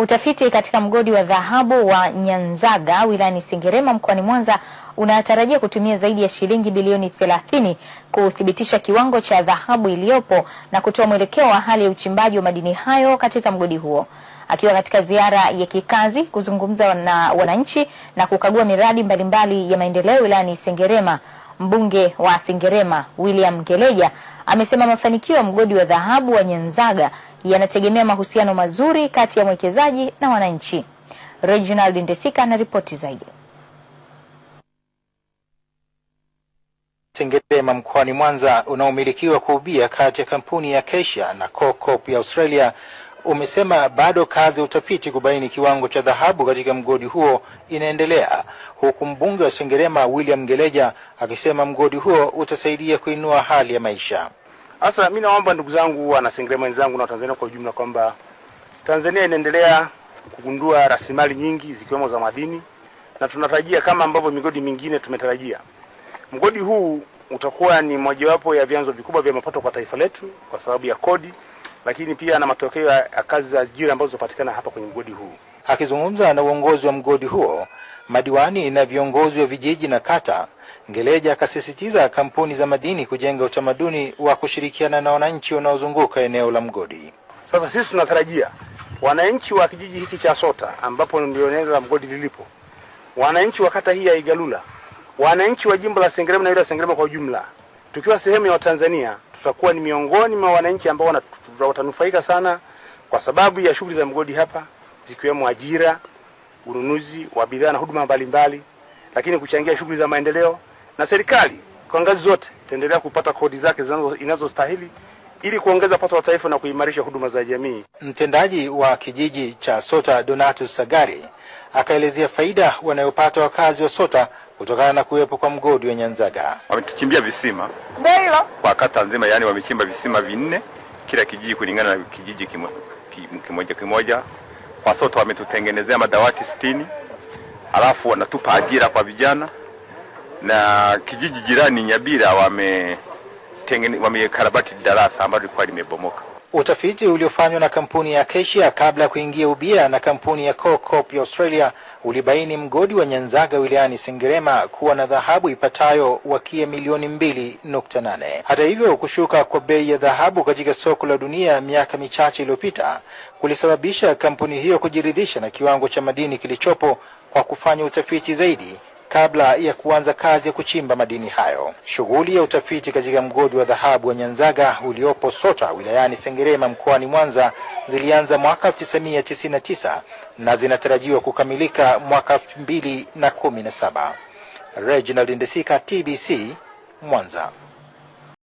Utafiti katika mgodi wa dhahabu wa Nyanzaga wilayani Sengerema mkoani Mwanza unatarajia kutumia zaidi ya shilingi bilioni 30 kuthibitisha kiwango cha dhahabu iliyopo na kutoa mwelekeo wa hali ya uchimbaji wa madini hayo katika mgodi huo. Akiwa katika ziara ya kikazi kuzungumza na wananchi na kukagua miradi mbalimbali ya maendeleo wilayani Sengerema, Mbunge wa singerema William geleja amesema mafanikio ya mgodi wa dhahabu wa Nyanzaga yanategemea mahusiano mazuri kati ya mwekezaji na wananchi. Reginald Ndesika ana ripoti zaidi. singerema mkoani Mwanza unaomilikiwa kwa ubia kati ya kampuni ya kesha na CoreCorp ya Australia umesema bado kazi ya utafiti kubaini kiwango cha dhahabu katika mgodi huo inaendelea, huku mbunge wa Sengerema William geleja akisema mgodi huo utasaidia kuinua hali ya maisha. Sasa mi naomba ndugu zangu wana Sengerema wenzangu na Watanzania kwa ujumla kwamba Tanzania inaendelea kugundua rasilimali nyingi zikiwemo za madini, na tunatarajia kama ambavyo migodi mingine tumetarajia, mgodi huu utakuwa ni mojawapo ya vyanzo vikubwa vya mapato kwa taifa letu kwa sababu ya kodi lakini pia na matokeo ya kazi za ajira ambazo zinapatikana hapa kwenye mgodi huu. Akizungumza na uongozi wa mgodi huo, madiwani na viongozi wa vijiji na kata, Ngeleja akasisitiza kampuni za madini kujenga utamaduni wa kushirikiana na wananchi wanaozunguka eneo la mgodi. Sasa sisi tunatarajia wananchi wa kijiji hiki cha Sota ambapo ndio eneo la mgodi lilipo, wananchi wa kata hii ya Igalula, wananchi wa jimbo la Sengerema na yule Sengerema kwa ujumla, tukiwa sehemu ya Watanzania tutakuwa ni miongoni mwa wananchi ambao watanufaika sana kwa sababu ya shughuli za mgodi hapa zikiwemo ajira, ununuzi wa bidhaa na huduma mbalimbali, lakini kuchangia shughuli za maendeleo, na serikali kwa ngazi zote itaendelea kupata kodi zake inazostahili ili kuongeza pato la taifa na kuimarisha huduma za jamii. Mtendaji wa kijiji cha Sota Donatus Sagari akaelezea faida wanayopata wakazi wa Sota kutokana na kuwepo kwa mgodi wa Nyanzaga. Wametuchimbia visima Bello kwa kata nzima, yani wamechimba visima vinne kila kijiji kulingana na kijiji kimo, kimoja kimoja. Kwa Sota wametutengenezea madawati sitini, halafu wanatupa ajira kwa vijana, na kijiji jirani Nyabira wame wamekarabati darasa ambalo lilikuwa limebomoka. Utafiti uliofanywa na kampuni ya Acacia kabla ya kuingia ubia na kampuni ya CoreCorp ya Australia ulibaini mgodi wa Nyanzaga wilayani Sengerema kuwa na dhahabu ipatayo wakia milioni mbili nukta nane. Hata hivyo, kushuka kwa bei ya dhahabu katika soko la dunia miaka michache iliyopita kulisababisha kampuni hiyo kujiridhisha na kiwango cha madini kilichopo kwa kufanya utafiti zaidi kabla ya kuanza kazi ya kuchimba madini hayo. Shughuli ya utafiti katika mgodi wa dhahabu wa Nyanzaga uliopo Sota wilayani Sengerema mkoani Mwanza zilianza mwaka 1999 na zinatarajiwa kukamilika mwaka 2017. Reginald Ndesika, TBC, Mwanza.